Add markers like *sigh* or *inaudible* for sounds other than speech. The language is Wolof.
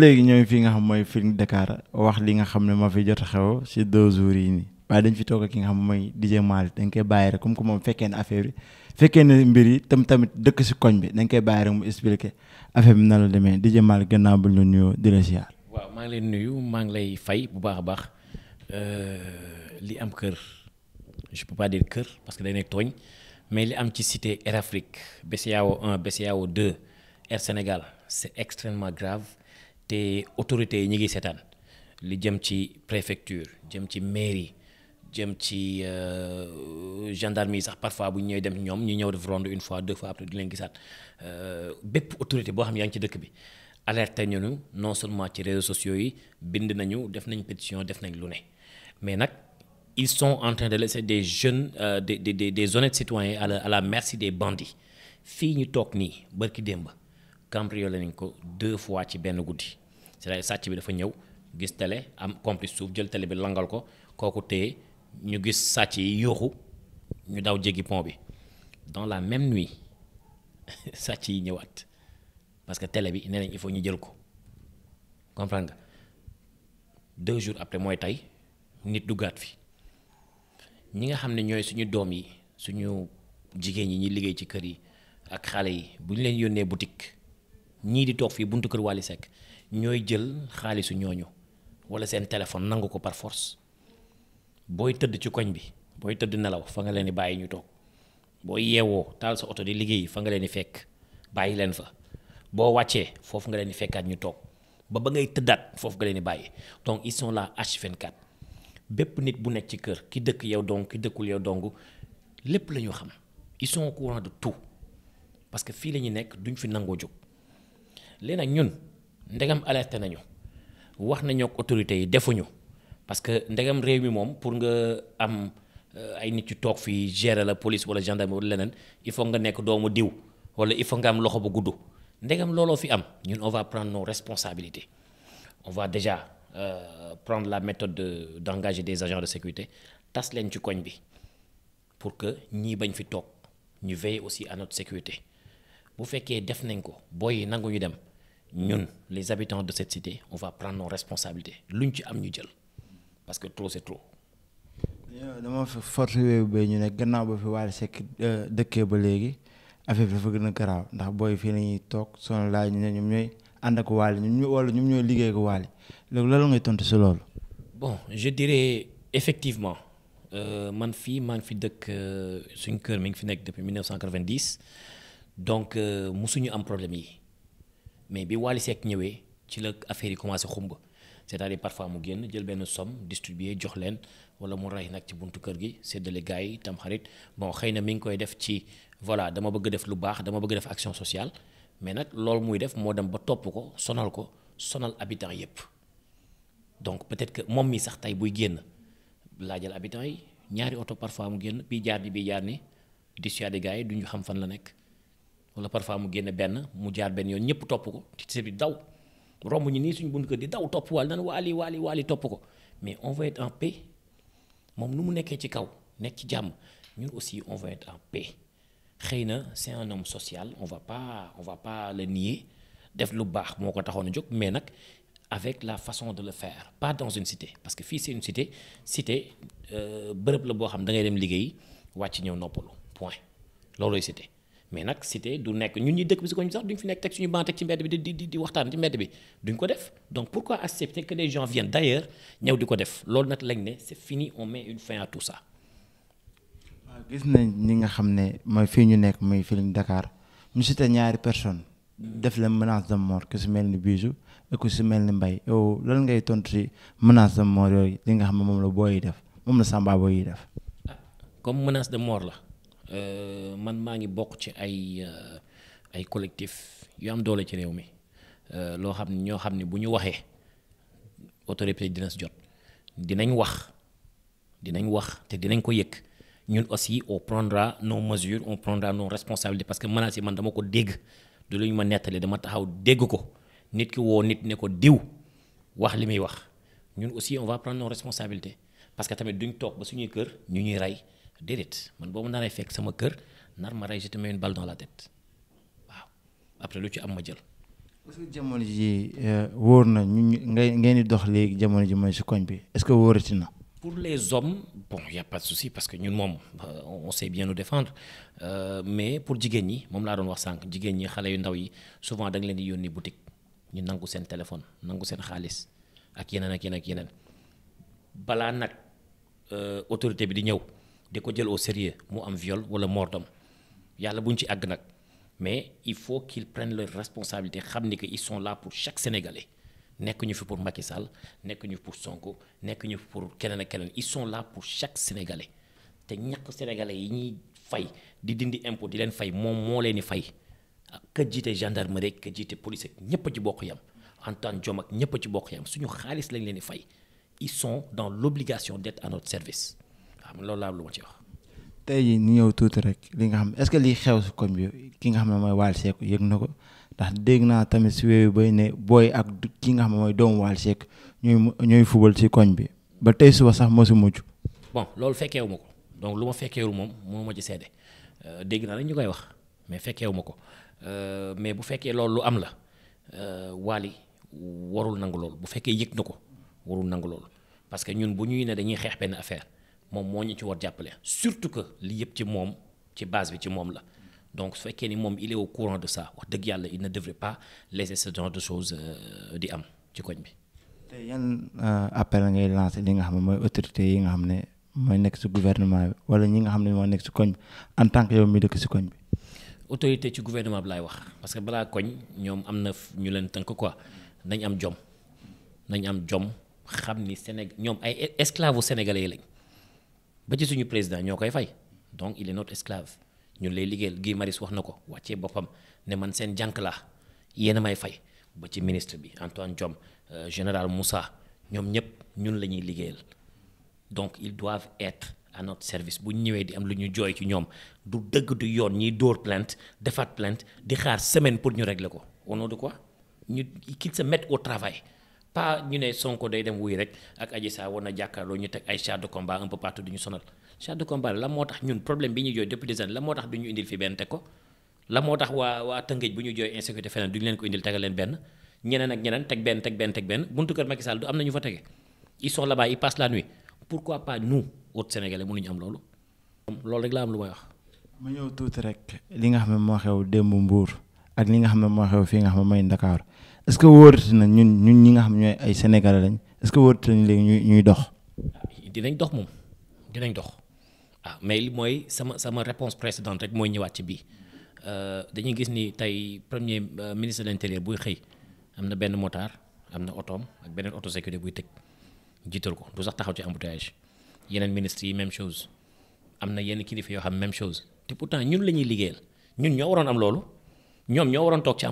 léegi ñooy fii nga xam mooy Feeling Dakar wax li nga xam ne ma fi jot xew si deux yi nii waaye dañ fi toog ki nga xam mooy DJ Malick dañ koy bàyyi rek comme que moom fekkee ne affaire fekkee ne mbir yi tam tamit dëkk si koñ bi dañ koy bàyyi mu expliqué affaire bi na la demee DJ Malick gannaaw bu ñu nuyoo di la ziar. waaw maa ngi lay nuyu maa ngi lay fay bu baax a baax euh, li am kër je peux pas dire kër parce que day nekk tooñ mais li am ci cité Air Afrique BCEAO 1 BCEAO 2 Air Sénégal c'est extrêmement grave. te autorités yi ñu ngi seetaan li jëm ci préfecture jëm ci mairie jëm ci euh, gendarmerie sax parfois bu ñu ñëwee dem ñoom ñu ñëw def ronde une fois deux fois après du leen gisaat euh, bépp autorité boo xam yaa ngi ci dëkk bi alerté ñu non seulement ci réseaux sociaux yi bind nañu def nañ pétition def nañ lu ne mais nag ils sont en train de laisser des jeunes euh, des des des honnêtes citoyens à la merci des bandits fii ñu toog nii barki démb. cambriolé nañ ko deux fois ci benn guddi cest sàcc bi dafa ñëw gis télé am complice suuf jël télé bi langal ko kooku téye ñu gis sàcc yi yooxu ñu daw jéggi pont bi dans la même nuit *laughs* sàcc yi ñëwaat parce que télé bi nee nañ il faut ñu jël ko comprendre nga deux jours après mooy tey nit duggaat fi ñi nga xam ne ñooy suñu doom yi suñu jigéen yi ñuy liggéey ci kër yi ak xale yi bu ñu leen yónnee boutique ñii di toog fii buntu kër Wally Seck ñooy jël xaalisu ñooñu wala seen téléphone nangu ko par force booy tëdd ci koñ bi booy tëdd nelaw fa nga leen di bàyyi ñu toog boo yeewoo taal sa oto di liggéey fa nga leen di fekk bàyyi leen fa boo wàccee foofu nga leen di fekkaat ñu toog ba ba ngay tëddaat foofu nga leen di bàyyi donc ils sont là h bépp nit bu nekk ci kër ki dëkk yow dong ki dëkkul yow dong lépp la ñu xam ils sont au courant tout parce que fii la ñu nekk duñ fi nangoo jóg. léegi nag ñun ndegam alerté nañu wax nañoo ak autorités yi defuñu parce que ndegam réew mi moom pour nga am euh, ay nit yu toog fii gérer la police wala gendarmerie wala leneen il faut nga nekk doomu diw wala il faut nga am loxo bu guddu ndegam looloo fi am ñun on va prendre nos responsabilités on va déjà euh, prendre la méthode de d'engager des agents de sécurité tas leen ci koñ bi pour que ñii bañ fi toog ñu veiller aussi à notre sécurité bu fekkee def nañ ko booy yi nangu ñu dem. ñun hmm. les habitants de cette cité on va prendre nos responsabilités luñ ci am ñu jël parce que trop c'est trop. dama force wéewu ba ñu ne gannaaw ba fi Wally Seck euh, dëkkee ba léegi affaire bi dafa na a garaaw ndax booy fii nañuy toog sonal laaj ñu ne ñoom ñooy ànd ak Wally ñoom ñu wala ñoom ñooy liggéey ak Wally léegi loolu ngay tontu si loolu. bon je dirais effectivement euh, man fii maa ngi fi dëkk euh, suñ kër mi ngi fi nekk depuis 1990 donc musuñu am problème yi. mais bi Wally Seck ñëwee ci la affaire yi commencé xumba cest à parfois mu génn jël benn somme distribuer jox leen wala mu rey nag ci buntu kër gi séddale gars yi tam xarit bon xëy na mi ngi koy def ci voilà dama bëgg def lu baax dama bëgg def action sociale mais nag loolu muy def moo dem ba topp ko sonal ko sonal habitants yépp donc peut-être moom mi sax tey buy génn laajal habitants yi ñaari oto parfois mu génn bii jaar ni bii jaar ni dissuader gars yi duñu xam fan la nekk. wala parfois mu génne benn mu jaar benn yoon ñëpp topp ko ci bi daw romb ñu nii suñu bunt kër di daw topp waal nan waali waali waali topp ko mais on va être en paix moom nu mu nekkee ci kaw nekk ci jàmm ñun aussi on va être en paix xëy na c'est un homme social on va pas on va pas le nier def lu baax moo ko taxoon a jóg mais nag avec la façon de le faire pas dans une cité parce que fii c'est une cité cité euh, bërëb la boo xam da ngay dem liggéey wàcc ñëw noppalu point loolooy cité. mais nag cité du nekk ñun ñuy dëkk bi si koñ bi sax duñ fi nekk teg suñu banc teg ci mbedd bi di di di waxtaan ci mbedd bi duñ ko def donc pourquoi accepter que les gens viennent d'ailleurs ñëw di ko def loolu nag lañ ne c'est fini on mais une fin à tout ça. gis nañ ñi nga xam ne mooy fii ñu nekk muy Feeling Dakar ñu te ñaari personne def leen menace de mort ku si mel ni Bijou ak ku si mel ni yow lan ngay tontu si menace de mort yooyu li nga xam ne moom la booy def moom la Samba yi def. Ah, comme menace de mort la. Euh, man maa ngi bokk ci ay euh, ay collectif yu am doole ci réew mi euh, loo xam ne ñoo xam ne bu ñu waxee autorité dina si jot dinañ wax dinañ wax te dinañ ko yëg ñun aussi on prendra no mesures on prendra no responsabilités parce que menaces si man dama ko dégg du lu ñu ma nettalee dama taxaw dégg ko nit ki woo nit ne ko diw wax li muy wax ñun aussi on va prendre nos responsabilités parce que tamit duñ toog ba suñuy kër ñu ñuy rey déedéet man boo boobu naree fekk sama kër nar ma rey je te mets une balle dans la tête waaw après lu ci am ma jël. est que jamono ji euh, wóor na ñu ngay ngeen di dox léegi jamono ji mooy si bi est que wóorati na. pour les hommes bon y a parce que ñun moom euh, on sait bien nous défendre euh, mais pour jigéen ñi moom laa doon wax sànq jigéen ñi xale yu ndaw yi souvent da leen di yónni boutique ñu nangu seen téléphone nangu seen xaalis ak yeneen ak yeneen ak yeneen balaa nag autorité bi di ñëw. di ko jël au sérieux mu am viole wala mort d'homme yàlla bu ñu ci àgg nag mais il faut qu'ils prennent leur responsabilité xam ni que ils son là pour chaque Sénégalais nekk ñu fi pour makisal Sall nekk ñu pour Sonko nekk ñu fi pour keneen ak keneen ils sont là pour chaque Sénégalais te ñaq Sénégalais yi ñuy fay di dindi impôt di leen fay moom moo leen di fay ah, ka jiite gendarmerie ka jiite police ak ñëpp ci bokk yam Antoine Diome ak ñëpp ci bokk yam suñu xaalis lañ leen di fay ils sont dans l'obligation d'être service. xam loolu laa am lu ma ci wax. tey jii ñu ñëw tuuti rek li nga xam est-ce que lii xew si koñ bi ki nga xam ne mooy Wally Seck yëg na ko ndax dégg naa tamit si wéy bay ne booy ak ki nga xam ne mooy doomu Wally Seck ñooy ñooy fubal si koñ bi ba tey suba sax moo si mujj. bon loolu wu ma ko donc lu ma fekkeewul moom moo ma ci seede euh, dégg naa rek ñu koy wax mais fekkee wu ma ko euh, mais bu fekkee loolu lu am la euh, Wally warul nangu loolu bu fekkee yëg na ko warul nangu loolu parce que ñun bu ñuy ne dañuy xeex benn affaire. moom moo ñu ci war jàppale surtout que li yëpp ci moom ci base bi ci moom la donc su fekkee ni moom il est courant de saa wax dëgg yàlla il ne devrait pas laisser ce genre de choses euh, di am ci koñ bi. te yan euh, appel ngay lancé li nga xam ne mooy autorités yi nga xam ne mooy nekk si gouvernement bi wala ñi nga xam ne moo nekk si koñ bi en tant que yow mi dëkk si koñ bi. autorité ci gouvernement bi laay wax parce que balaa koñ ñoom am na ñu leen tënk quoi nañ am jom nañ am jom xam ni Sénégal ñoom ay esclaves sénégalais lañ. ba ci suñu président ñoo koy fay donc il est notre esclave ñun lay liggéeyal Guy Marius wax na ko wàccee boppam ne man seen jànk la yéen a may fay ba ci ministre bi Antoine Diome euh, général Moussa ñoom ñëpp ñun la ñuy liggéeyal donc il doivent être à notre service bu ñëwee di am lu ñu jooy ci ñoom du dëgg du yoon ñiy dóor plainte defaat plainte di xaar semaine pour ñu régler ko au nom ko quoi ñu qu'ils se mettent au travail pas ñu ne Sonko day dem wuy rek ak Adji Sarr war na jàkkaarloo ñu teg ay chars de combat un partout du ñu sonal chars de combat la moo tax ñun problème bi ñu jooy depuis des années la moo tax du fi benn teg ko la moo tax waa waa Tëngéej bu ñu jooy insécurité feneen ñu leen ko indil leen benn ñeneen ak ñeneen teg benn teg benn teg benn buntu kër Macky Sall du am na ñu fa tege ils sont là-bas ils passent la nuit loolu. loolu rek laa am lu may wax. ma ñëw tuuti rek li nga xam ne moo xew démb Mbour ak li nga xam ne moo xew fii nga xam ne mooy Ndakaaru est-ce que wóorati na ñun ñun ñi nga xam ñooy ay sénégalais lañ est que wóorati nañ léegi ñuy ñuy dox. dinañ dox moom dinañ dox ah mais li mooy sama sama réponse précédente rek mooy ñëwaat ci bii euh, dañuy gis ni tey premier euh, ministre de l'intérieur buy xëy am na benn motard am na otoom ak beneen auto sécurité buy tëj jiital ko du sax taxaw ci embouteillage yeneen ministres yi même chose am na yenn kilifa yoo xam même chose te pourtant ñun la ñuy liggéeyal ñun ñoo waroon am loolu. ñoom ñoo waroon toog ci